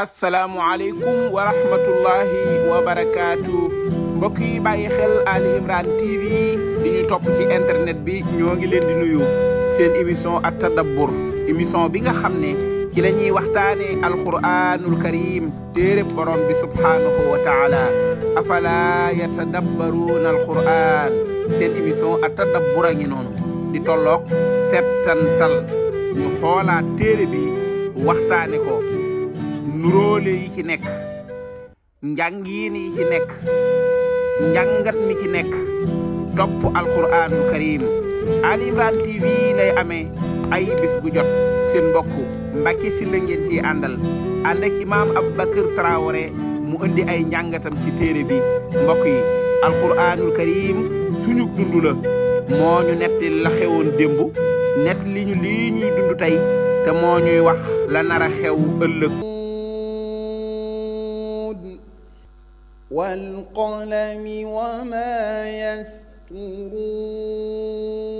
asalaamualeykum wa rahmatullahi wa barakaatu mbokk yi bàyyi xel Ali Imran TV di ñu ci internet bi ñoo ngi leen di nuyu seen émission at tadabbur émission bi nga xam ne ci la ñuy waxtaane alquranul karim téereb borom bi subhaanahu wa taala afala yatadabbaruuna alquran seen émission at tadabbur a ngi noonu di tolloog settantal ñu xoolaat téere bi waxtaane ko nuróole yi ci nekk njàngiin yi ci nekk njàngat mi ci nekk topp alquranul i Alifane TV lay amee ay bis gu jot seen mbokk Mbacke Sylla ngeen ciy àndal ànd ak imaam Aboubacar Traoré mu indi ay njàngatam ci téere bi mbokk yi alquranul karim suñu dund la moo ñu netti la xewoon démb nett li ñu lii ñuy dund tey te moo ñuy wax la nar a xew ëllëg والقلم وما يسطرون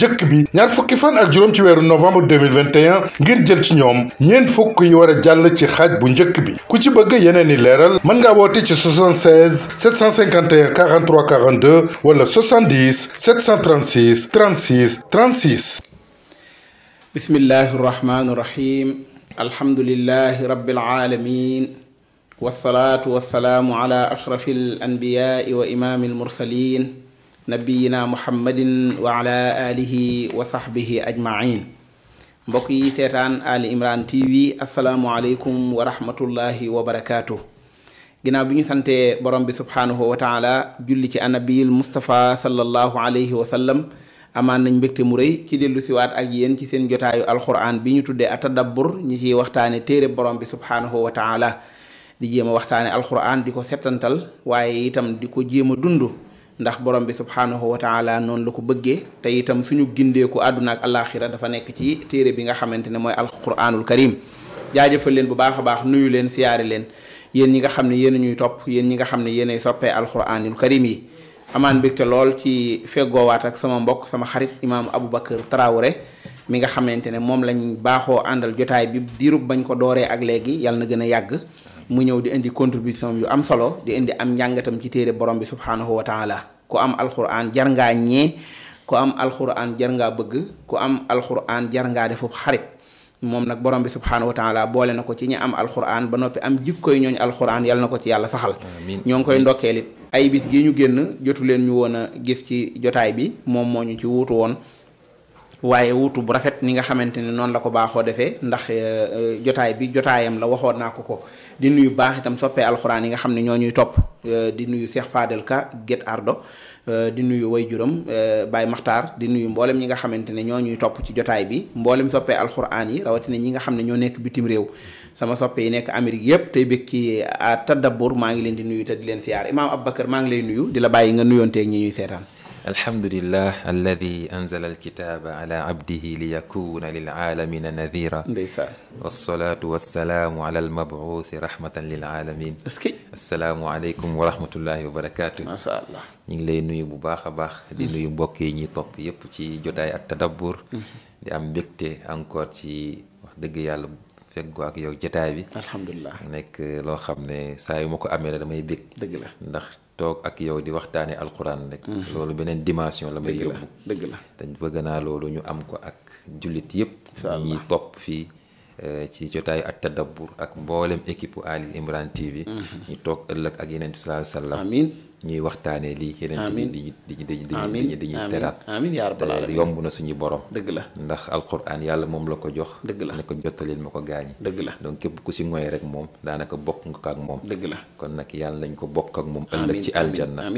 njëkk bi ñaar fukki fan ak juróom ci weeru novembre 2021 ngir jël ci ñoom ñeent fukk yi war a jàll ci xaaj bu njëkk bi ku ci bëgg yeneen i leeral mën ngaa woote ci 76 751 43 42 wala 70 736 36 36 bismillahi rahmaani rahim alhamdulillahi rabbil alamin wasalaatu wasalaamu ala ashrafil anbiyaai wa imaamil mursalin nabiyina muhammadin wa ala alihi wa sahbihi ajmain mbokk yi seetaan ali imran tv asalaamualeykum wa rahmatullahi wa barakaatu ginaaw bi ñu santee borom bi subhaanahu wa taala julli ci anabiyil mustapha sallallahu alayhi wa sallam amaan nañ mbégte mu rëy ci dellu siwaat ak yéen ci seen jotaayu alquran bi ñu tuddee atadabbur ñi ci waxtaane téere borom bi subhaanahu wa taala di jéem a waxtaane alquran di ko settantal waaye itam di ko jéem a dund ndax borom bi subhaanahu wa taala noonu la ko bëggee te itam suñu gindeeku àdduna ak alaaxira dafa nekk ci téere bi nga xamante ne mooy alquranul karim jaajëfal leen bu baax a baax nuyu leen siyaare leen yéen ñi nga xam ne ñuy topp yéen ñi xam ne yéenay soppee alquranul karim yi amaan te lool ci feggoowaat ak sama mbokk sama xarit abu Aboubacar Traoré mi nga xamante ne moom lañ baaxoo àndal jotaay bi diirub bañ ko dooree ak léegi yàlla na gën a yàgg mu ñëw di indi contribution yu am solo di indi am njàngatam ci téere borom bi subhaanahu wa taala ku am alxuraan jar ngaa ñee ku am alxuraan jar ngaa bëgg ku am alxuraan jar ngaa defub xarit moom nag borom bi subhaanahu wa taala boole na ko ci ñi am alxuraan ba noppi am jikkoy ñooñ alxuraan yal na ko ci yàlla saxal ñoo ngi koy ndokkeelit ay bis gi ñu génn jotu leen ñu woon a gis ci jotaay bi moom moo ñu ci wuutu woon waaye wutu bu rafet ni nga xamante ne noonu la ko baaxoo defee ndax euh, euh, jotaay bi jotaayam la waxoon naa ko ko di nuyu baax itam soppee alxuraan yi nga xam ne ñoo ñuy topp euh, di nuyu Cheikh Fadel Ka Guet Ardo di nuyu way juram Baye Makhtar di nuyu mboolem ñi nga xamante ne ñoo ñuy topp ci jotaay bi mboolem soppee alxuraan yi rawatina ñi nga xam ne ñoo nekk bitim réew sama soppe yi nekk Amérique yëpp tey bëgg ci tadabbur maa ngi leen di nuyu te di leen siyaar Imaam Aboubacar maa ngi lay nuyu di la bàyyi nga nuyoonteeg ñi ñuy seetaan. alhamdulilah alladi anzala alkitaba ala abdihi liyakuna lilalamina nadira ndeysaan walsalaatu walsalaamu ala almabuuthi rahmatan lilaalamin asalaamualeykum wa rahmatullahi wa barakatuh masha allah ñu ngi lay nuyu bu baax a baax di mm-hmm. nuyu mbokk yi ñuy topp yépp ci jotaay ak tadabbur mm-hmm. di am mbégte encore ci wax dëgg yàlla feggoo ak yow jotaay bi alhamdulilah nekk loo xam ne saa yu ma ko amee la damay bég dëgg la ndax toog ak yow di waxtaanee alxuraan rek. Mm-hmm. loolu beneen dimension la may yóbbu. dëgg la te bëgg naa loolu ñu am ko ak jullit yëpp. ñi ñuy topp fii eh, ci jotaayu at tadabbur ak mboolem équipe u Ali Imran TV. Mm-hmm. ñu toog ëllëg ak yeneen bi sallallahu alayhi ñuy waxtaanee lii yeneen bi diñu diñu diñu diñuy teraat amiin yaa rabbal aalamiin yomb na suñu borom dëgg la ndax alquran yàlla moom la ko jox dëgg la ne ko jottalil ma ko gaañi dëgg la donc képp ku si ngoy rek moom daanaka bokk nga ko ak la kon nag yàlla nañ ko bokk ak moom ëllëg ci aljanna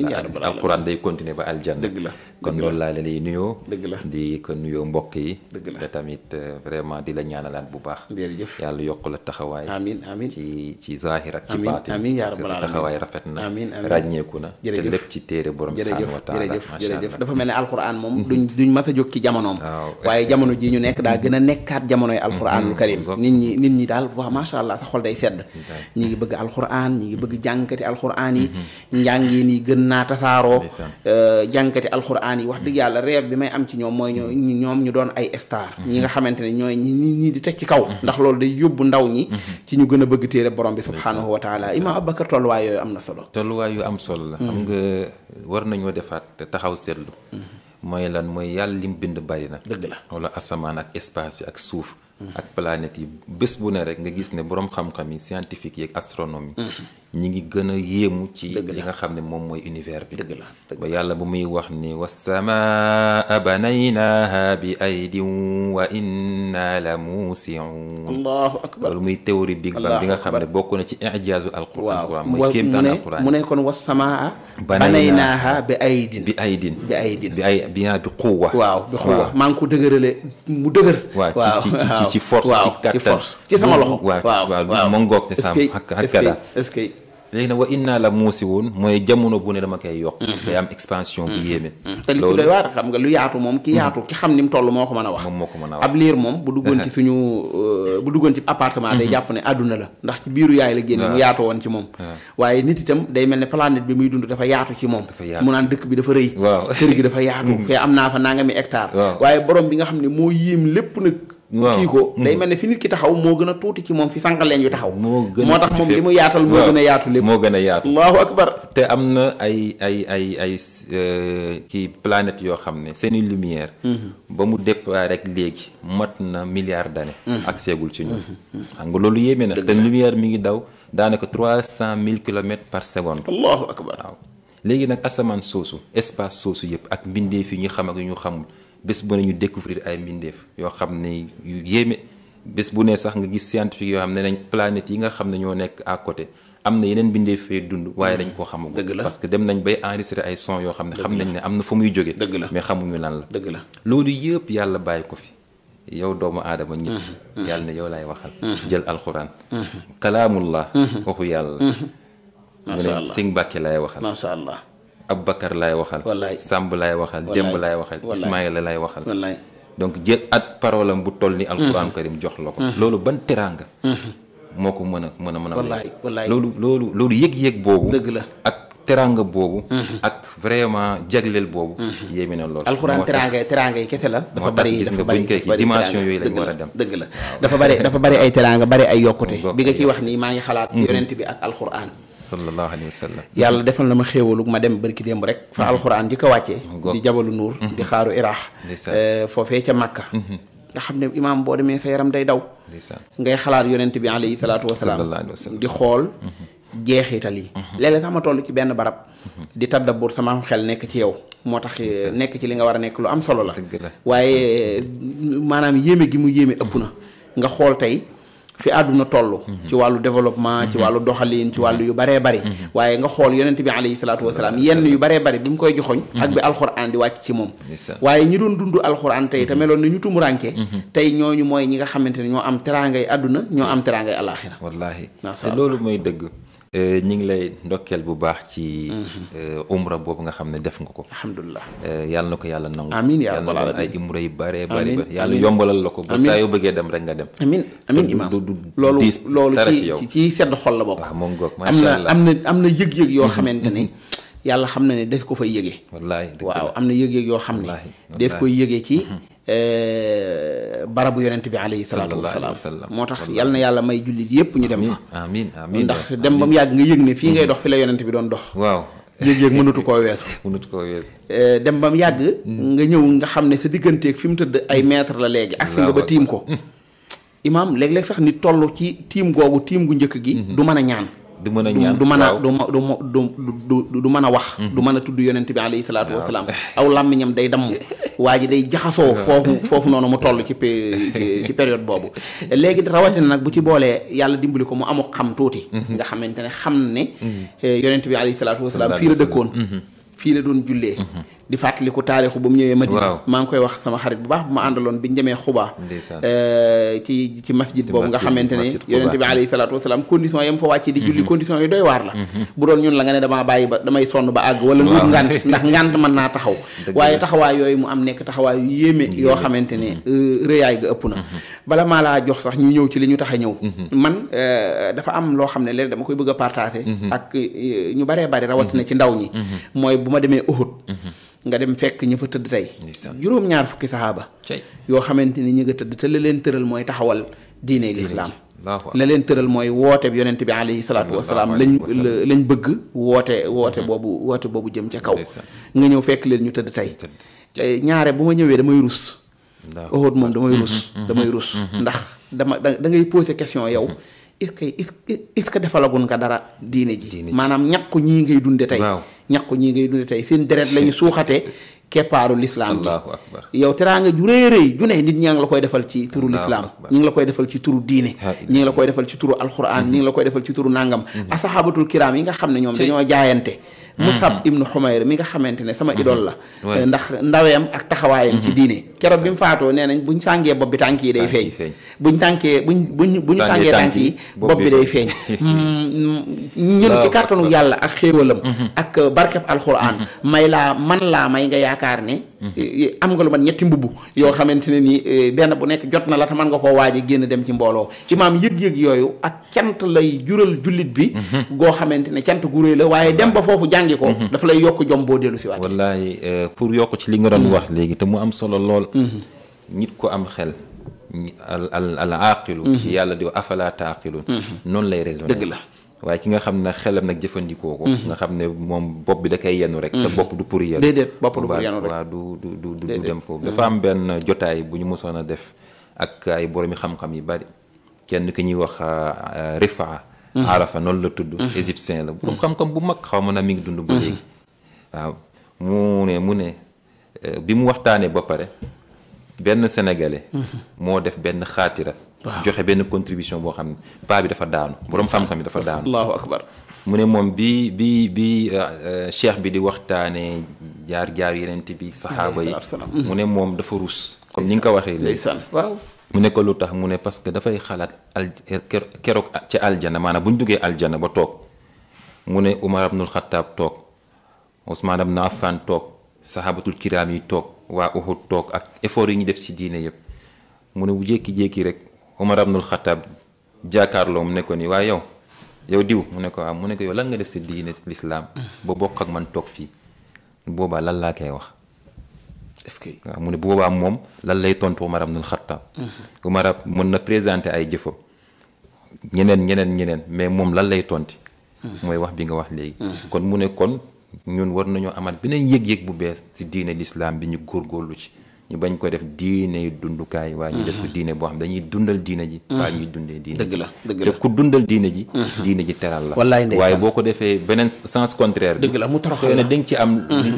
alquran day continuer ba aljanna dëgg la kon loolu laa la lay nuyoo dëgg la di ko nuyoo mbokk yi dëgg la tamit euh, vraiment di la ñaanalaat bu baax jërëjëf yàlla yokk la taxawaay amiin amiin ci ci zaahir ak ci baatin amiin yaa sa taxawaay rafet na ràññeeku na jërëjëf te lépp ci téere borom subhaanahu wa taala jërëjëf jërëjëf dafa mel ne alquran moom duñ duñ mas a jóg ci jamonoom ah, waaye jamono ji nekk daa gën a nekkaat jamonoy mm-hmm. alquranul mm-hmm. karim nit ñi nit ñi daal wax macha allah sa day sedd ñi ngi bëgg alquran ñi ngi bëgg jàngkati alquran yi mm-hmm. njàngeen yi gën naa tasaaroo euh, jàngkati alquran yi wax dëgg yàlla reer bi may am ci ñoom mooy ñoom ñu doon ay star ñi nga xamante ne ñooy ñi ñi di teg ci kaw ndax loolu da yóbbu ndaw ñi ci ñu gën a bëgg téere borom bi subhaanahu wa taala imaam Abubakar tolluwaay yooyu am na solo tolluwaay yu am solo la xam mm-hmm. nga war nañoo defaat te taxaw seetlu. Mm-hmm. mooy lan mooy yàlla lim bind bari na. dëgg la wala asamaan ak espace bi ak suuf. Mm-hmm. ak planète yi bés bu ne rek nga gis ne boroom xam-xam yi scientifique yi ak astronomie ñi ngi gën a yéemu ci li nga xam ne moom mooy univers bi dëgg la ba yàlla bu muy wax ni wassamaa banaynaaha bi aydin wa inna la muusiun allahu akbar loolu muy théorie big bang bi nga xam ne bokk na ci ijaazu alquran quran mooy kéemtaan alquran mu ne kon wassamaa banaynaaha bi aydin bi aydin bi aydin bi ay bi bi quwwa waaw bi ko dëgërale mu dëgër waaw ci force ci sama loxo waaw waaw waaw moom ngoog léegi nag wa inna la muusi woon mooy jamono bu ne dama koy yokk mm-hmm. day am expansion bu mm-hmm. yéeme mm-hmm. te li ci doy waar xam nga lu yaatu moom ki yaatu ki xam ni mu toll moo ko mën a wax moom moo ko mën a ab liir moom bu duggoon ci suñu euh, bu duggoon ci appartement day jàpp ne àdduna la ndax ci biiru yaay la génne mu yaatu woon ci moom waaye nit itam day mel ne planète bi muy dund dafa yaatu ci moom mu naan dëkk bi dafa rëy kër gi dafa yaatu fee am naa fa nangami hectare waaye borom bi nga xam ne moo yéem lépp nag kii ko hmm. day mel fi nit ki taxaw moo gën a tuuti ci moom fi sànqaleen yu taxaw moo tax moom li mu yaatal moo gën a yaatu lépp moo gën a yaatu allahu akbar te am na ay ay ay ay kii euh, planète yoo xam ne seeni lumière mm-hmm. ba mu départ rek léegi mat na milliard d'années mm-hmm. ak seegul ci ñun mm-hmm. xam nga loolu yéeme na te lumière mi ngi daw daanaka trois cent mille kilomètres par seconde allahu léegi nag asamaan soosu espace soosu yëpp ak mbindeef yi ñu xam ak yu ñu xamul bés bu ne ñu découvrir ay mbindeef yoo xam ne yu yéeme bés bu ne sax nga gis scientifique yoo xam ne nañ planètes yi nga xam ne ñoo nekk à côté am na yeneen mbindeef fee dund waaye dañ koo xamagul. dëgg la parce que dem nañ bay enregistrer ay son yoo xam ne. xam nañ ne am na fu muy jógee. dëgg la mais xamuñu lan la. dëgg la loolu yëpp yàlla bàyyi ko fi. yow doomu aadama ñit mm-hmm. mm-hmm. yàlla ne yow laay waxal mm-hmm. jël alxuraan kalaamullah waxu yàlla mu ne sëñ Mbàkke laay waxal macha allah Aboubacar laay waxal. wallaay Samb laay waxal. wallaay Demb laay waxal. wallaay Ismaïla laay waxal. wallaay donc jël at parole am bu toll ni. Mhm. alquran karim jox la ko. Mhm. loolu ban teraanga. Mhm. moo ko mën a mën a mën a. wallaay wallaay loolu loolu loolu yëg-yëg boobu. dëgg la ak teraanga boobu. ak vraiment jagleel boobu. yéeme na lool alxuraan teraanga teraanga yi kese la. dafa bari dafa bari dimension yooyu lañ war a dem dëgg la dafa bari dafa bari ay teraanga bari ay yokkute. bi nga ciy wax nii maa ngi xalaat. yonent bi ak alxuraan. sallallahu alayhi wa sallam yàlla defal na ma xéewalu ma dem barki démb rek fa alxuraan ji ko wàccee di jabalu nuur mm-hmm. di xaaru iraax eh, foofee ca màkka mm-hmm. nga xam ne imaam boo demee sa yaram day daw ngay xalaat yonent bi alayhi salaatu wasalaam di xool mm-hmm. jeexital yi léeg-léeg sax ma toll ci benn barab di tàddabur sama xel nekk ci yow moo tax eh, nekk ci li nga war a nekk lu am solo la waaye eh, maanaam yéeme gi mu yéeme ëpp na nga xool tey fi àdduna toll mhm. ci wàllu développement ci mhm. wàllu doxalin ci wàllu yu baree bari mhm. waaye nga xool yonent bi alayhi salaatu wasalaam yenn yu baree bari bi mu koy joxoñ ak bi alxuraan di wàcc ci moom waaye ñi doon dund alxuraan tey te meloon na ñu tumuranke tey ñooñu mooy ñi nga xamante ne ñoo am teraangay àdduna ñoo am teraangay alaxira wallaahi te loolu mooy dëgg Euh, ñi ngi lay ndokkeel bu baax ci. Mhm. Euh, umra boobu nga xam ne def nga ko. alhamdulilah euh, yàlla na ko yàlla nangu. amiin yaa rabbal aalamiin ay umra yu bare yàlla yombalal la ko. ba saa yoo bëggee dem rek nga dem. amiin amiin imaam loolu loolu ci ci sedd xol la bokk. waaw ah, moom ngoog macha allah am na am na yëg-yëg yoo xamante ne. yàlla xam na ne des ko fay yëgee. wallaay waaw am na yëg-yëg yoo xam ne. des koy yëgee ci. Mhm. Euh, barabu yonent bi alayhi salaatu wa salaam moo tax yal na yàlla may jullit yépp ñu dem fa amiin amiin ndax dem ba mu yàgg nga yëg ne fii ngay dox fi la yonent bi doon dox waaw yéeg-yéeg mënatu koo weesu mënatu koo weesu euh, dem ba mu yàgg nga ñëw nga xam ne sa digganteeg fi mu tëdd ay mètre la léegi ak fi nga ba tiim ko hmm. imaam léeg-léeg sax nit toll ci tiim googu tiim gu njëkk gi hmm. du mën a ñaan du mën a ñaan du mën a du du du du mën a wax hmm. du mën a tudd yonent bi alayhi salaatu wa salaam aw làmmiñam day damm waa ji day jaxasoo foofu foofu noonu mu toll ci ci période boobu léegi rawatina nag bu ci boolee yàlla dimbali ko mu amu xam tuuti mhm. nga xamante ne xam ne mhm. eh, yonent bi alayhi salaatu wasalaam fii la dëkkoon mhm. fii la doon jullee di fàttaliku taarixu ba mu ñëwee Madina maa ngi koy wax sama xarit bu baax bu ma àndaloon bi ñu demee Xubaa euh, ci ci masjid boobu nga xamante ne yonente bi alayhi salaatu wasalaam condition yam fa wàccee di julli mhm. condition yi doy waar la mhm. bu doon ñun la nga ne damaa bàyyi ba damay sonn ba àgg wala nguur ngànt ndax ngànt mën naa taxaw waaye taxawaay yooyu mu am nekk taxawaay yu yéeme yoo xamante ne mhm. euh, rëyaay ga ëpp na bala maa laa jox sax ñu ñëw ci li ñu tax a ñëw man euh, dafa am loo xam ne léegi dama koy bëgg a partagé ak ñu baree bari rawatina ci ndaw ñi nga dem fekk ña fa tëdd tey juróom-ñaar fukki saxaaba yoo xamante ni ñi nga tëdd te la leen tëral mooy taxawal diine lislaam la leen tëral mooy woote bi yonent bi alayhi salaatu wasalaam lañ lañ bëgg woote woote mhm. boobu woote boobu jëm ca kaw nga ñëw fekk leen ñu tëdd tey eh, ñaare bu ma ñëwee damay rus oxoot moom damay mhm, rus mhm, damay rus ndax dama da da ngay poser question yow est-ce que est-ce que defalagun nga dara diine ji maanaam ñàkku ñii ngay dunde tey ñàkku ñii ngay dunde tey seen deret lañu suuxate keppaaru lislaam ji yow teraanga ju rëy rëy ju ne nit ñaa ngi la koy defal ci turu lislaam ñi la koy defal ci turu diine ñi ngi la koy defal ci turu alxuraan ñi ngi la koy defal ci turu nàngam mm-hmm. asahabatul kiram yi nga xam ne ñoom dañoo jaayante Musab mhm. ibnu Xumayr mi nga xamante ne sama mhm. idole la eh, ndax ndaweem ak taxawaayam ci mhm. diine keroog bi mu faatoo nee nañ buñ sàngee bopp bi tànk yi day feeñ buñ tànkee buñ buñ bu ñu sàngee tànk yi bopp bi day feeñ mm, mm, ñun ci kàttanu yàlla ak xéewalam ak barkeb alxuraan may laa man laa may nga yaakaar ne am nga lu man ñetti mbubb yoo xamante ne nii eh, benn bu nekk jot na la te mën nga koo waaje génn dem ci mbooloo ci maam yëg-yëg yooyu ak cant lay jural jullit bi mm-hmm. goo xamante ne cant gu réy la waaye dem ba foofu jàngi ko mm-hmm. dafa lay yokk jomboo dellu si waat wallaay eh, pour yokk ci li nga doon mm-hmm. wax léegi te mu am solo lool nit ko am xel al al al yàlla di afala taaqilun noonu lay raisonné dëgg la waaye ki nga xam ne xelam nag jëfandikoo ko. Mhm. nga xam ne moom bopp bi da koy yenu rek. te mhm. bopp du pour yenu. déedéet bopp du pour du du du dem foofu. dafa mhm. am benn jotaay bu ñu mosoon a def ak ay boroomi xam-xam yu bari kenn ki ñuy wax euh, Rifa. Arafa noonu la tudd. égyptien la borom xam-xam bu mag xaw ma na mi ngi dund. ba léegi waaw mu ne mu ne euh, bi mu waxtaanee ba pare benn sénégalais. moo def benn xaatira. joxe benn contribution boo xam ne paa bi dafa daanu boroom xam-xam bi dafa daanu allahu akbar mu ne moom bi bi bi euh, euh, cheikh bi di waxtaanee jaar-jaar yeneen bi saxaaba yi mu ne moom dafa ruus kon ni nga ko waxee léegi waaw mu ne ko lu tax mu ne parce que dafay xalaat al keroog ci aljana maanaam bu ñu duggee aljana ba toog mu ne Umar abnul Xattaab toog Ousmane abnu Affan toog saxaabatul kiraam yi toog waa Uhud toog ak effort yi ñu def si diine yëpp mu ne bu jékki-jékki rek Umar nul Xataab jàkkaarloo mu ne ko ni waaye yow yow diw mu ne ko waaw mu ne ko yow lan nga def si diine lislaam ba bokk ak man toog fii boobaa lan laa koy wax. est-ce que mu ne boobaa moom lan lay tontu Umar abnul Xataab. Mhm. Umar mën na présenter ay jëfam ñeneen ñeneen ñeneen mais moom lan lay tonti. Mhm. mooy wax bi nga wax léegi. Mhm. kon mu ne kon war nañoo amaat beneen yëg-yëg bu bees si diine lislaam bi ñu góorgóorlu ci. ñu bañ ko def diine dundukaay waaye ñu def ko mm-hmm. diine boo xam dañuy dundal diine ji mm-hmm. waaye ñuy dundee diine dëgg la dëgg la te ku dundal diine ji mm-hmm. diine ji teral la wallaay ndeysaan waaye boo ko defee beneen sens contraire dëgg la mu toroxal na dañ ci am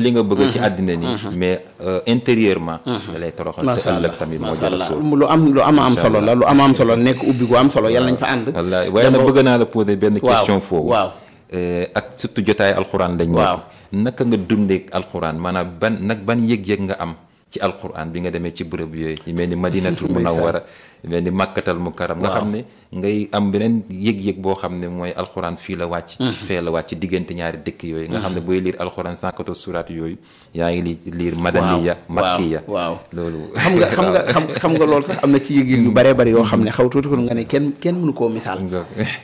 li nga bëgg ci àddina ni mais euh, intérieurement da lay toroxal te ëllëg tamit moo jar a sóor lu am am solo la lu am am solo nekk ubbi ko am solo yàlla nañ fa ànd wallaay waaye nag bëgg naa la poser benn question foofu waaw euh, ak surtout jotaay alxuraan dañ waaw naka nga dundee alxuraan maanaam ban nag ban yëg-yëg nga am ci alxuraan bi nga demee ci bërëb yooyu yu mel ni madinatul a yu mel ni màkkatal karam nga xam ne ngay am beneen yëg-yëg boo xam ne mooy alquran fii la wàcc mm-hmm. fee la wàcc diggante ñaari dëkk yooyu nga xam ne mm-hmm. booy liir alquran 114 surat yooyu yaa ngi li liir madaniya makkiya waaw loolu xam nga xam nga xam loolu sax am na ci yëg-yëg yu baree bari yoo xam ne xaw tuuti kon nga ne kenn kenn mënu koo misaal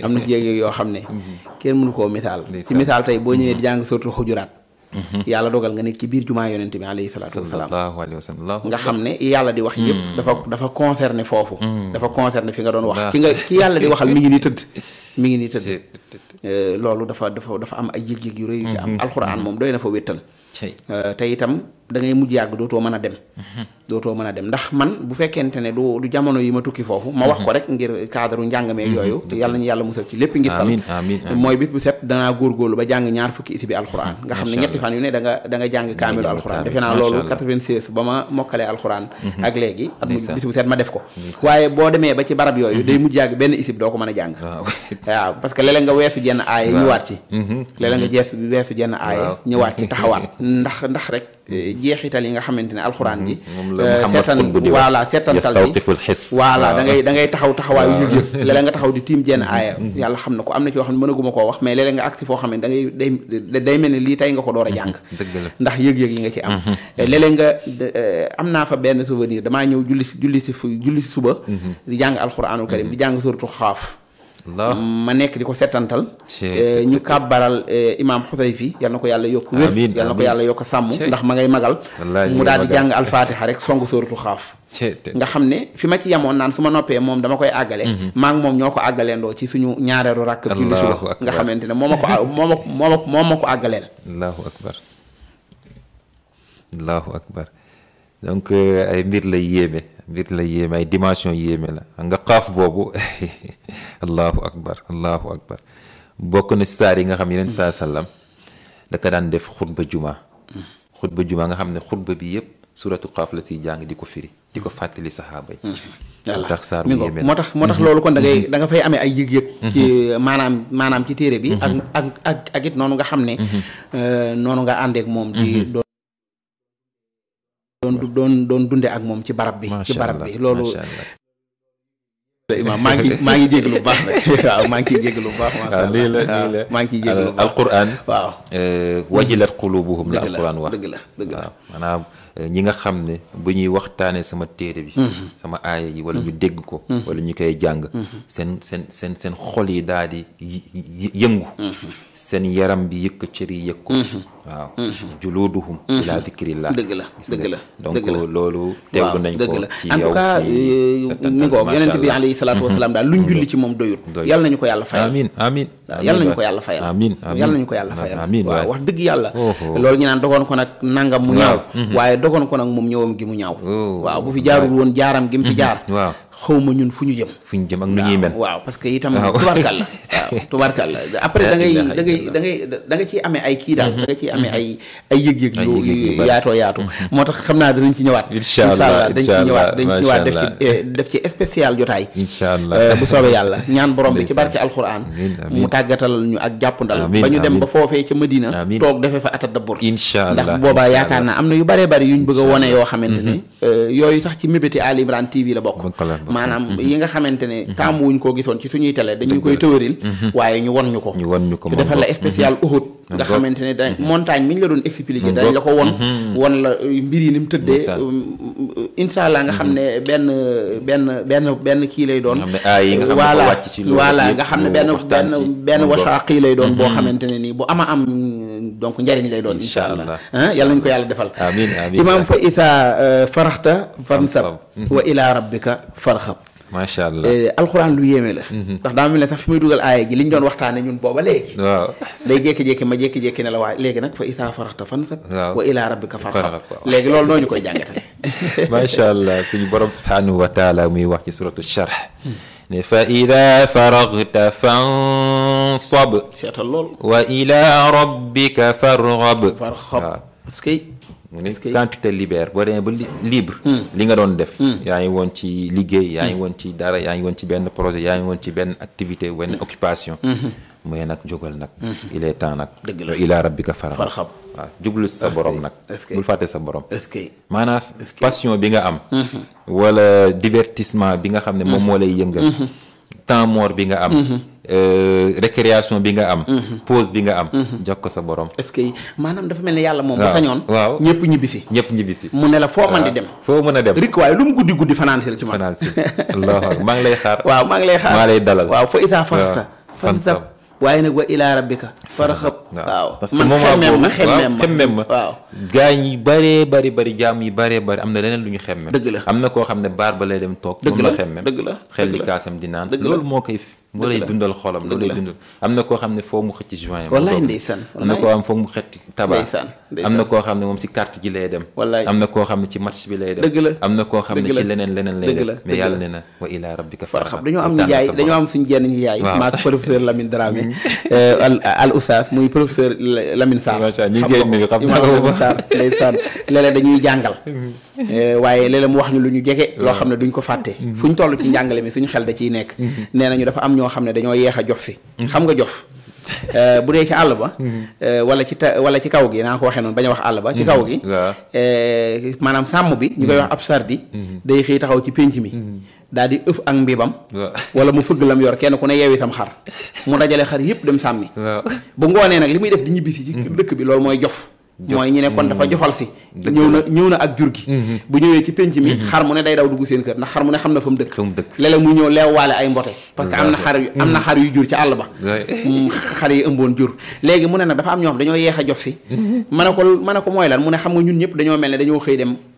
am na ci yëg-yëg yoo xam ne mm-hmm. kenn mënu koo misaal si misaal tey boo ñëwee di jàng surtout xujuraat Mhm. yàlla dogal nga nekk ci biir jumaa yonent bi alayhi salaatu wasalaam nga xam ne yàlla di wax mhm. yëpp dafa mhm. dafa concerné foofu dafa concerné fi nga doon wax ki nga ki yàlla di waxal mi ngi ni tëdd mi ngi ni tëdd euh, loolu dafa dafa dafa am ay yëg-yëg yu rëy yu am alxuraan moom doy na fa wéttal euh, te itam da ngay mujj yàgg dootoo mën a dem. Mhm. dootoo mën a dem ndax man bu fekkente ne du du jamono yi ma tukki foofu. ma wax ko mhm. rek ngir cadre njàngamee mhm. yooyu. yàlla ñu yàlla musal ci lépp ngir. amiin amiin mooy bis bu set danaa góorgóorlu ba jàng ñaar fukki isi bi alxuraan. nga xam ne ñetti fan yu ne da nga da nga jàng kaamilu alxuraan. defe naa loolu 96 ba ma mokkalee alxuraan. ak léegi bis bu set ma def ko. waaye boo demee ba ci barab yooyu. day mujj yàgg benn isib doo ko a jeexital yi nga xamante ne alxuraan ji mhm. euh, seetan voilà seetantal bi voilà da ngay da ngay taxaw taxawaayu ñu jëf léeg-léeg nga taxaw di tiim jenn aaya mhm. yàlla xam na ko am na ci yoo xam ne mënaguma koo wax mais léeg-léeg nga agsi foo xam ne da ngay day day mel ne lii tey nga ko door a mhm. jàng ndax yëg-yëg yi nga ci am euh, léeg nga euh, am naa fa benn souvenir damaa ñëw julli si julli si julli si suba di jàng alxuraanul karim di jàng surtout xaaf ma nekk di ko setantal eh, ñu kàbbaral eh, imaam Xusayfi yal na ko yàlla yokk wér yal na ko yàlla yokk sàmm ndax ma ngay magal mu daal di jàng alfaatixa rek song sóoratu xaaf nga xam ne fi ma ci yemoon naan su ma noppee moom dama koy àggale mm-hmm. maa moom ñoo ko àggaleendoo ci suñu ñaareelu rakk julli suba nga xamante ne moom ma ko moo ma moo ma moo ma ko àggaleel allahu akbar allahu akbar donc euh, ay mbir lay yéeme mbir la yéeme ay dimension yéeme la nga xaaf boobu allahu akbar allahu akbar bokk na saar yi nga xam yeneen sa sallam da ka daan def xutba juma xutba juma nga xam ne xutba bi yëpp suratu xaaf la si jàng di ko firi di ko fàttali saxaaba yi mm-hmm. tax saar bu yéeme moo tax moo tax mm-hmm. loolu kon da ngay mm-hmm. da nga fay amee ay yëg-yëg maanaam maanaam ci téere bi ak ak ak ak it noonu nga xam ne euh, noonu nga àndeek moom di doon doon doon dunde ak moom ci barab bi ci barab bi loolu maa ngi maa ngi jégg lu baax nag waaw maa ngi ciy jégg lu baax masha ah, Allah lii la lii la maa ngi ciy jégg lu baax alquran waaw eh, wajilat qulubuhum la alquran wax dëgg la dëgg la ah, maanaam eh, ñi nga xam ne bu ñuy waxtaanee sama téere bi mm-hmm. sama aaya yi wala ñu mm-hmm. dégg ko mm-hmm. wala ñu koy jàng seen seen seen seen xol yi daal di yëngu seen yaram bi yëg ko cër yi yëg ko waaw mhm. juluuduhum mhm. ila dikrillah dëgg la la donc loolu teewlu nañ ko ci yow en tout cas euh, mi ngoog yonent bi alayhi salaatu wasalaam daal luñ mhm. julli ci moom doyut yàlla nañu ko yàlla fayal amin amin yàlla nañu ko yàlla fayal amin yàlla nañu ko yàlla fayal amin waaw wax dëgg yàlla loolu ñu naan dogoon ko nag nangam mu ñaaw waaye dogoon ko nag moom ñëwam gi mu ñaaw oh. waaw bu fi jaarul woon jaaram gi mu jaar xawma ñun fu ñu jëm. fu ñu jëm ak nu ñuy mel waaw parce que itam. waaw tubaarkàlla waaw la après da ngay da ngay da ngay da nga ciy amee ay kii daal. Mhm. da nga ciy mhm. amee ay yëg-yëg. yu yaatoo yaatu. Mhm. moo tax xam naa danañ ci ñëwaat. incha allah dañ ci ñëwaat dañ ci ñëwaat def ci eh, def ci jotaay. Eh, bu soobee yàlla ñaan borom bi ci barke alquran. mu tàggatal ñu ak jàppandal. ba ñu dem ba foofee ca Medina. toog defe fa atadabbur. incha allah ndax boobaa yaakaar naa am na yu baree bari yuñ bëgg a wone yoo xamante ne eh, yooyu sax ci mébéti Ali Imran TV la bokk Mm-hmm. maanaam mm-hmm. yi nga xamante ne mm-hmm. taamu wuñ koo gisoon ci suñuy télé dañu koy tëwëril waaye ñu won ñu ko ñu won ñu ko defal la spécial Uhud nga xamante dañ montagne mi ñu la doon expliqué dañ la ko won won la mbir yi ni mu tëddee um, incha allah nga xam ne benn benn benn benn kii lay doon voilà voilà nga xam ne benn benn benn wasaa kii lay doon boo xamante ne nii bu ama am donc njariñ lay doon incha allah ah, yàlla nañ ko yàlla defal amiin amiin imaam fa isa euh, faraxta fansab wa ila rabbika far xam. macha allah eh, alxuraan lu yéeme la. Mhm. ndax daa mel ne sax fi muy dugal aaya ji li ñu doon waxtaanee ñun booba léegi. waaw jékki-jékki ma jékki-jékki ne la waaye léegi nag fa isaa faraxta fansab. waaw wa ilaa rabbika farxab léegi loolu noo ñu koy jàngatee. macha allah suñu borom subhaanahu wa taala muy wax ci suratu charx. ne fa ida faraxta fansab. seetal wa ilaa rabbika farxab. nit quand tu te libères boo demee ba libre hmm. li nga doon def hmm. yaa ngi woon ci liggéey yaa ngi hmm. woon ci dara yaa ngi woon ci benn projet yaa ngi woon ci benn activité benn occupation mooy nag jógal nag il temps nag ilaa rabbika farxab waaw jublu sa boroom nag bul fàtte sa borom maanaam passion bi nga am wala divertissement bi nga xam ne moom moo lay yëngal temps mort bi nga am Euh, récréation bi nga am. Mhm. pause bi nga am. Mhm. jox ko sa borom. est-ce maanaam dafa mel ne yàlla moom. waaw sañoon ñëpp ñibbisi. ñëpp ñibbisi. mu ne la foo man di dem. foo mën dem rek waaye lu mu guddi guddi fanaan si ci man. maa ngi lay xaar. waaw maa ngi lay xaar maa lay dalal. waaw fa isaa farta fansab waaye nag wa ilaa rabbika farxab waaw parce que moom xemmeem ma xemmeem ma xemmeem gaa yi bëree bëri bëri jaam yi bëree bëri am na leneen lu ñu xemme dëgg la am na koo xam ne baar ba lay dem toog dëgg la xemmem dëgg la xel li kaasam di naan loolu moo koy moo lay dundal xolam loolu lay dundal am na koo xam ne foo mu xëcc juin wallaay ndeysaan am na koo xam foo na koo xam ne moom si carte ji lay dem am na koo xam ne ci match bi lay dem dëgg la am na koo xam ne ci leneen leneen lay dem mais yàlla ne na wa ila rabbika farxab dañoo am ñu yaay dañoo am suñu jenn ñu yaay maak professeur Lamine Dramé euh, al oustaz muy professeur Lamine Sarr macha allah ñu ngi koy nuyu xam naa ko ndeysaan dañuy jàngal Euh, waaye léeg-léeg mu wax ñu lu ñu jege loo xam ne duñ ko fàtte mm-hmm. fu ñu toll ci njàngale mi suñu xel da ciy nekk mm-hmm. nee nañu dafa am ñoo xam ne dañoo yeex a jof si mm-hmm. xam nga jof euh, bu dee ci àll ba euh, wala ci ta wala ci kaw gi ko waxee noonu bañ a wax àll ba ci kaw gi maanaam sàmm bi ñu koy wax ab sardi day xëy taxaw ci pénc mi daal di ëf ak mbibam wala mu fëgg lam yor kenn ku ne yeewi sam xar mu dajale xar yëpp dem sàmmi bu ngoonee nag li muy def di ñibbisi ci dëkk bi loolu mooy jof mooy ñu ne kon dafa mm. jofal si ñëw na ñëw na ak jur gi mm-hmm. bu ñëwee ci penc mi mm-hmm. xar mu ne day daw dugg seen kër ndax xar mu ne xam na fa mu dëkk léeg-léeg mu ñëw leewwaale ay mbote parce que am na xar yu na mm-hmm. xar yu jur ci àll ba mm, xar yi ëmboon jur léegi mu ne nag dafa am ñoo xam dañoo yeex a jof si ma ne ko ma ne ko mooy lan mu ne xam nga ñun ñëpp dañoo mel ne dañoo xëy dem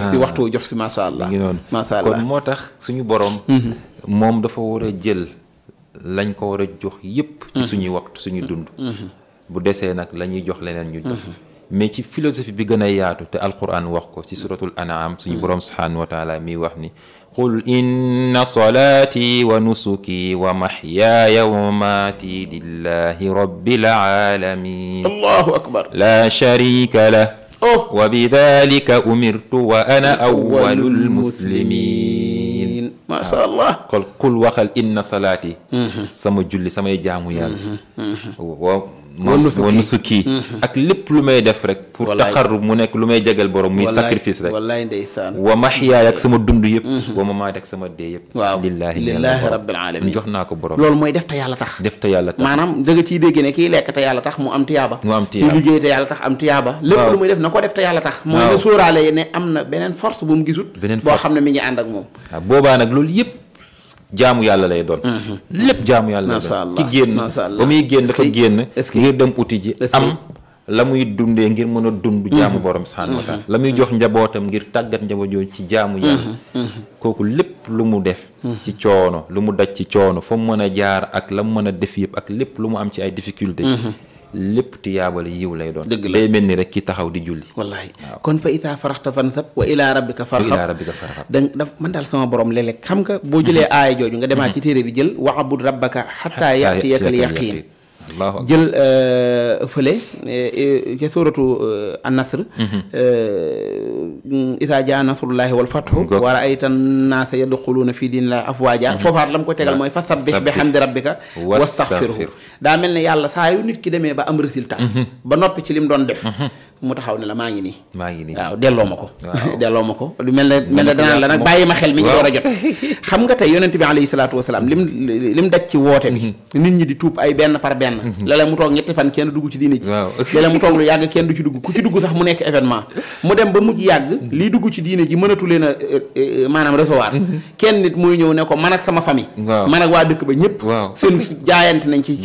jox si ah. waxtu jox si macha allah. macha allah kon moo tax suñu borom. Mhm. moom dafa war a jël lañ ko war a jox yépp ci mhm. suñuy waxtu suñuy dund. Mhm. bu desee nag la ñuy jox leneen ñu jox. mais ci philosophie bi gën a yaatu te alquran wax ko ci suratul an'am suñu borom subhanahu wa taala wax ni qul na salati wa nusuki wa mahyaaya wa maati lillahi rabbil alamin allahu la sharika lah Oh. وبذلك أمرت وأنا أول المسلمين macha allah kon kul waxal inna salaati sama julli samay jaamu yàlla wanu sukki mm-hmm. ak lépp lu may def rek pour taqarrub mu nekk lu may jegal borom muy sacrifice rek wallaay ndeysaan wa mahyaay ak sama dund yëpp mm-hmm. wa sama dee yëpp waaw lillaahi lillaahi rabbil jox naa ko borom loolu mooy def te yàlla def te yàlla tax maanaam da nga ciy dégg ne kii lekk yàlla tax mu am tiyaaba mu am tiyaaba mu liggéey te yàlla tax am tiyaaba lépp lu muy def na ko def te yàlla tax mooy na sóoraale ne am na beneen force bu mu gisut beneen boo xam ne mi ngi ànd ak moom boobaa nag loolu yëpp jaamu yàlla lay doon. Mhm. lépp jaamu yàlla lay doon ki génn ba muy génn dafa génn. ngir dem uti ji am. la muy dundee ngir mën a dund mhm. jaamu borom subhaanahu mhm. la muy jox njabootam ngir tàggat njaboot yooyu ci jaamu yàlla kooku lépp lu mu def ci coono lu mu daj ci coono fa mu mën a jaar ak la mu mën a def yëpp ak lépp lu mu am ci ay difficulté lépp tiyaabal yiw lay doon. dëgg la mel ni rek ki taxaw di julli. wallaay kon fa isaa faraxta fansab wa ilaa rabbika farxab wa ilaa rabbika farxab da daf man daal sama borom léeg-léeg xam nga boo jëlee aaya jooju nga demaat ci téere bi jël wa'bud rabbaka xataa yatiyakal yaqiin jël euh, fële euh, euh, ca suratu an-nasr mhm. isaa jaa nasrullahi wal fathu wa ra'ayta an-naasa yadxuluuna fi diinillahi afwaaja mhm. foofaat lam ko tegal mooy fa sabbih bi hamdi rabbika wastaghfirhu daa mel ne yàlla saa yu nit ki demee ba am résultat mhm. ba noppi ci lim doon def mu taxaw ne la maa ngi nii. maa ngi nii waaw delloo ma ko. delloo ma ko lu mel ne mel ne danaan la nag bàyyi ma xel mi ngi war a jot. xam nga tey yonent bi alayhi salaatu wa salaam lim lim daj ci woote bi. Mhm. nit ñi di tuub ay benn par benn. Mhm. léeg-léeg mu toog ñetti fan kenn dugg ci diine ji. waaw léeg mu toog lu yàgg kenn du ci dugg ku ci dugg sax mu nekk événement. mu dem ba mujj yàgg. Mhm. liy dugg ci diine ji mënatu leen a e, e, e, maanaam recevoir. kenn nit mooy ñëw ne ko man ak sama famille. man ak waa dëkk ba ñëpp. waaw seen jaayante nañ ci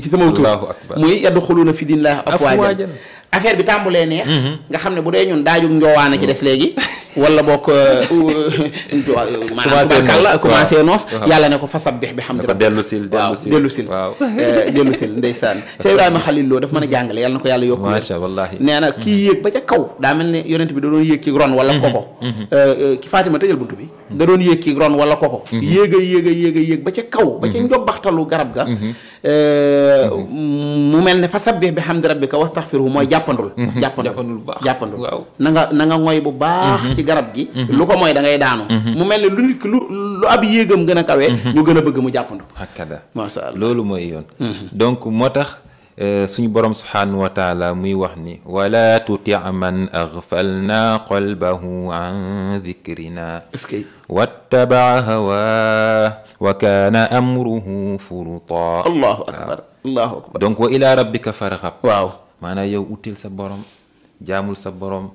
ci sama tur muy yadxuluuna fi diinillaahi afwaajan affaire bi tàmbulee neex. Mm-hmm. nga xam ne bu dee ñun daajug njoowaan a ci def léegi. wala boo ko. Euh, euh, euh, maanaam a commencé noof. yàlla ne ko fasabbih bi hamdi rabbika dellu sil dellu sil dellu sil waaw dellu sil ndeysaan. daf mën a jàngale yàlla na ko yàlla yokku. nee na kii mm-hmm. yéeg ba ca kaw daa mel ne yonent bi da doon yéeg ci ron wala mm-hmm. koko. Mm-hmm. ki Fatima tëjal buntu bi. da doon yéeg ci ron wala koko. yéeg a yéeg a yéeg a yéeg ba ca kaw. ba ca njobbaxtalu garab ga. mu mel ne fasabbih bi hamdi rabbika wastaghfirhu mooy jàppandul. jàppandul jàppandul waaw na nga na nga ngoy bu baax ci garab gi mhm. lu ko mooy da ngay daanu mhm. mel ne lu lu lu ab yéegam gën a kawe mhm. ñu gën a bëgg mu jàppandu hakada masha Allah loolu mooy yoon donc moo tax euh, suñu borom subhaanahu wa taala muy wax ni wala tuti man agfalna qalbahu an dikrina wattabaa hawa wa kaana amruhu furuta allahu akbar allahu akbar donc wa ila sa borom jaamul sa borom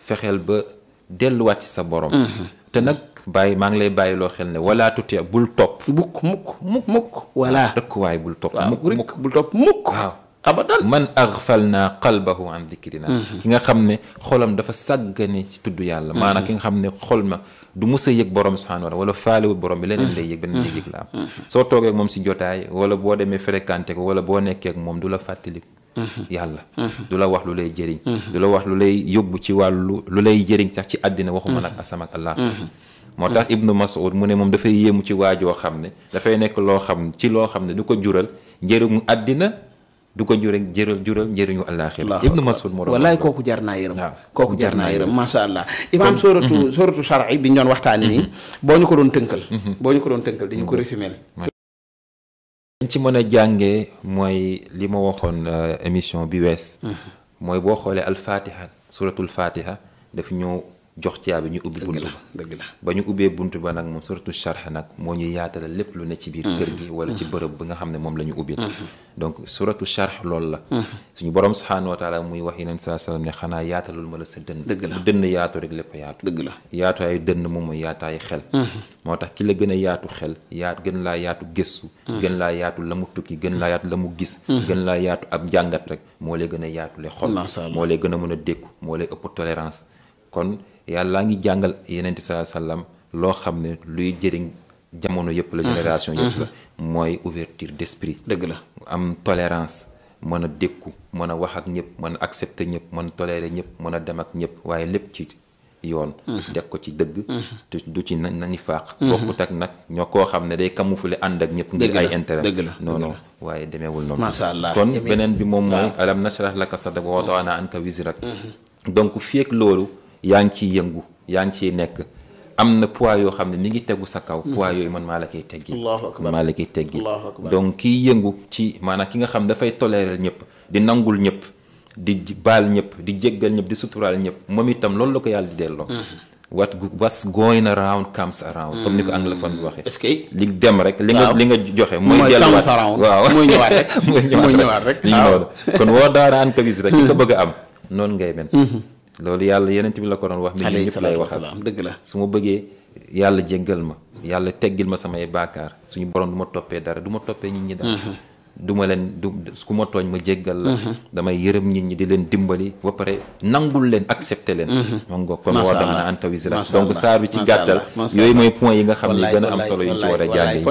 fexeel ba delluwaat ci sa borom. Mhm. te nag bàyyi maa ngi lay bàyyi loo xel ne wala tuuti bul topp. mukk mukk mukk mukk. voilà ah, dëkkuwaay bul topp. mukk mukk bul topp mukk. waaw abadan man aghfalna qalbahu an dhikrina mhm. ki nga xam ne xolam dafa sàggane ci tudd yàlla. Mhm. maanaam ki nga xam ne xol ma du mus a yëg borom subhanahu wala faalewul borom bi leneen lay yëg beneen yëg la am. soo toogee ak moom si jotaay wala boo demee fréquenté ko wala boo nekkee ak moom du la fàttaliku. yàlla du la wax lu lay jëriñ du la wax lu lay yóbbu ci wàllu lu lay jëriñ sax ci àddina waxuma nag asama ak allah moo tax ibnu mas'ud mu ne moom dafay yéemu ci waajoo xam ne dafay nekk loo xam ci loo xam ne du ko jural njëriñu àddina du ko jure jëral jural njëriñu àllaaxira ibnu mas'ud moo doon wallaay kooku jar naa yërëm kooku jar naa yërëm macha allah imaam sóoratu sóoratu shar'i bi ñu doon waxtaan nii boo ñu ko doon tënkal boo ñu ko doon tënkal dañu ko mm-hmm. résumé lañ ci mën a jàngee mooy li ma waxoon euh, émission bi wees mm-hmm. mooy boo xoolee alfatiha suratul fatiha daf ñëw jox caabi ñu ubbi bunt ba dëgg la ba ñu ubbee bunt ba nag moom surtout charx nag moo ñuy yaatalal lépp lu ne ci biir kër gi wala ci bërëb bi nga xam ne moom la ñu ubbi mm-hmm. donc suratu charx lool la mm-hmm. suñu borom subhaanahu wa taala muy wax yeneen saa salaam ne xanaa yaatalul ma la sa dënn dëgg la bu yaatu rek lépp yaatu dëgg la yaatu ay dënn moom mooy yaataayu xel mm-hmm. moo tax ki la gën a yaatu xel yaat gën laa yaatu gëstu gën laa yaatu la mu tukki gën laa yaatu la mu gis gën laa yaatu ab njàngat rek moo lay gën a yaatu le xol moo lay gën a mën a dékku moo lay ëpp tolérance yàlla ngi jàngal sa saa sallam loo xam ne luy jëriñ jamono yëpp la génération yëpp la mooy ouverture d'esprit dëgg la am tolérance mën a dékku mën a wax ak ñëpp mën a ñëpp mën a ñëpp mën a dem ak ñëpp waaye lépp ci yoon deg ko ci dëgg du ci na nañu faaq bokkut ak nag ñoo koo xam ne day camoufler ànd ak ñëpp ngir ay intérêt la non non waaye demeewul noonu masha Allah kon beneen bi moom mooy ah. alam nashrah laka sadrak wa wada'na anka wizrak donc fii loolu yaa ngi ciy yëngu yaa ngi ciy nekk am na poids yoo xam ne mi ngi tegu sa kaw poids yooyu man maa la koy teggi man maa la koy teggi donc kiy yëngu ci maanaa ki nga xam dafay tolérer ñëpp di nangul ñëpp di baal ñëpp di jéggal ñëpp di suturaal ñëpp moom itam loolu la ko yàlla di delloo mm-hmm. wat what's going around comes around. comme ni ko anglophone bi waxee. est-ce que li dem rek. li nga li nga joxe. mooy delluwaat waaw mooy ñëwaat rek. mooy ñëwaat rek li kon woo daaraan kabis rek. ki ko bëgg a am noonu ngay mel. Mm-hmm. loolu yàlla yeneen ti bi la ko doon wax. mais ñëpp lay waxal dëgg la su ma bëggee yàlla jéggal ma. yàlla teggil ma samay baakaar suñu borom du ma toppee dara duma ma toppee nit ñi dara. du ma leen ku ma tooñ ma jéggal mhm. damay yërëm nit ñi di leen dimbali ba pare nangul leen accepter leen mhm. moom nga kon woo dama na antawi si la donc saar bi ci gàttal yooyu mooy point yi nga xam ne gën a am solo yu ci war a jàng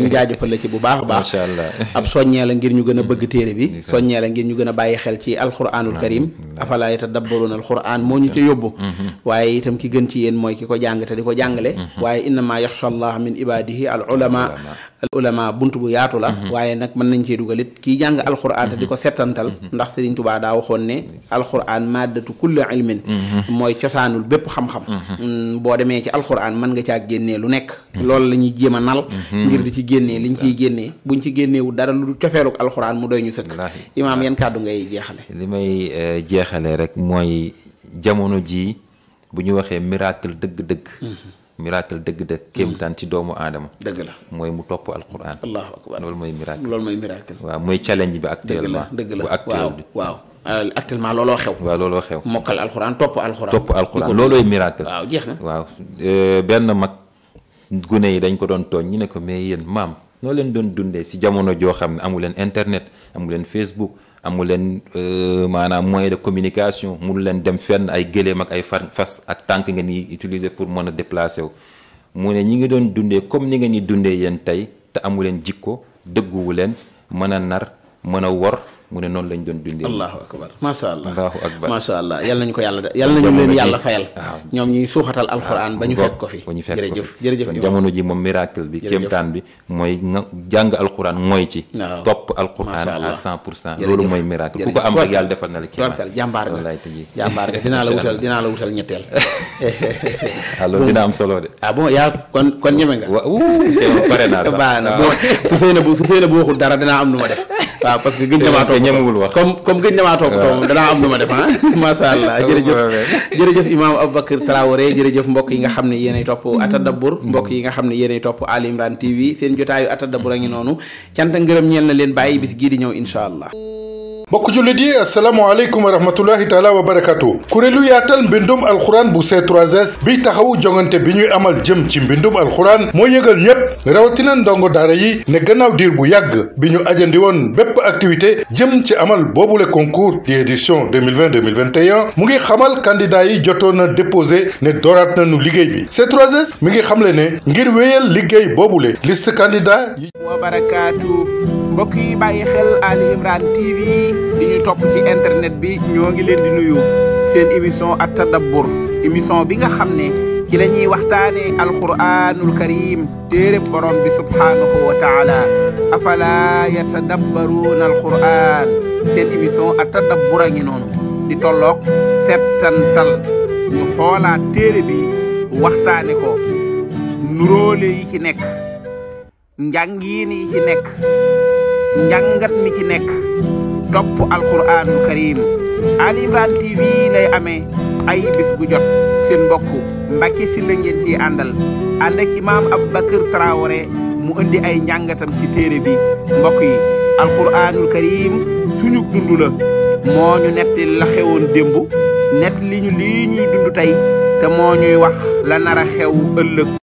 ñu jaajëfal la ci bu baax a baax macha allah ab soññee la ngir ñu gën a bëgg téere bi soññee la ngir ñu gën a bàyyi xel ci alquranul karim afala yatadabbaruuna alquran moo ñu ca yóbbu mhm. waaye itam ki gën ci yéen mooy ki ko jàng te di ko jàngale waaye innamaa yaxsha allah min ibadihi al ulama al ulama bunt bu yaatu la mhm. waaye nag mën nañ cee dugal it kii jàng alxuraan te di mhm. ko settantal mhm. ndax Sëriñ Tuubaa daa waxoon ne alxuraan maddatu kulli ilmin mooy cosaanul bépp xam-xam mm, boo demee ci alxuraan mën nga caa génnee lu nekk loolu la ñuy jéem a nal ngir di ci génnee liñ ciy génnee buñ ci génneewu dara lu cofeeluk alxuraan mu doy ñu sëkk imaam yan kàddu ngay jeexale li may eh, jeexale rek mooy jamono ji bu ñu waxee miracle dëgg-dëgg miracle dëgg dëgg kéemtaan ci doomu aadama dëgg la mooy mu topp alquran allahu akbar loolu mooy miracle loolu mooy miracle waaw mooy challenge bi actuellement dëgg la dëgg la waaw euh, actuellement looloo xew waaw looloo xew mokkal alquran topp alquran topp alquran loolooy miracle waaw jeex na waaw euh, benn mag gune yi dañ ko doon tooñ ñu ne ko mais yéen maam noo leen doon dundee si jamono joo xam ne amu leen internet amu leen facebook amu leen euh, maanaam moyen de communication mënu leen dem fenn ay gëléem ak ay far fas ak tànk nga ni utiliser pour mën a déplacer wu. mu ne ñi ngi doon dundee comme ni ngeen ni dundee yéen tey te amu leen jikko dëgguwu leen mën a nar mën a wor. mu ne noonu lañ doon dundee. allahu akbar macha allah allahu akbar macha ko yàlla de yal nañu leen yàlla fayal. ñoom ñuy suuxatal alxuraan ba ñu fekk ko fi. jamono ji moom miracle bi. jërëjëf bi mooy jàng alxuraan mooy ci. waaw alxuraan loolu mooy miracle ku ko am rek defal na la. kéemaan jàmbaar nga jàmbaar nga dinaa la wutal dinaa la wutal ñetteel. ah loolu dina am solo de. ah yaa kon ñeme nga. waaw wuu pare naa sax waaw ah. su sëy na bu waxul dara dinaa am nu ma def waaw parce que gën damaa toog ñemewul wax comme comme gën damaa toog toog danaa am lu ma def ah allah jërëjëf jërëjëf imaam Aboubacar Traoré jërëjëf mbokk yi nga xam ne yéenay topp mm. Atadabour mbokk yi nga xam ne yéenay topp Ali Imran TV seen jotaayu Atadabour a ngi noonu cant ngërëm ñeel na leen bàyyi bis gii di ñëw incha allah bokk mbokk jullit yi asalaamaaleykum wa rahmatullahi taala wa barakatu kuréelu yaatal mbindum alxuraan bu C3S biy taxawu jongante bi ñuy amal jëm ci mbindum alxuraan moo yëgal ñépp rawatina ndongo dara yi ne gannaaw diir bu yàgg bi ñu ajandi woon bépp activité jëm ci amal boobule concours di édition 2020 2021 mu ngi xamal candidat yi jotoon a déposé ne dooraat nañu liggéey bi C3S mi ngi xamle ne ngir wéyal liggéey boobule liste candidat yi wa barakaatu mbokk yi bàyyi xel Ali Imran TV di topp ci internet bi ñoo ngi leen di nuyu seen émission at tadabbur émission bi nga xam ne ci la ñuy waxtaanee alquranul karim téereb borom bi subhaanahu wa taala afala yatadabbaruuna alquran seen émission at tadabbur a ngi noonu di tolloog settantal ñu xoolaat téere bi waxtaane ko nuróole yi ci nekk njàngiin yi ci nekk njàngat mi ci nekk topp alquranul karim Ali Imran TV lay amee ay bis gu jot seen mbokk Mbacke Sylla ngeen ci àndal ànd ak imaam Aboubacar Traoré mu indi ay njàngatam ci téere bi mbokk yi alquranul karim suñu dund la moo ñu netti la xewoon démb nett li ñu lii ñuy dund tey te moo ñuy wax la nar a xew ëllëg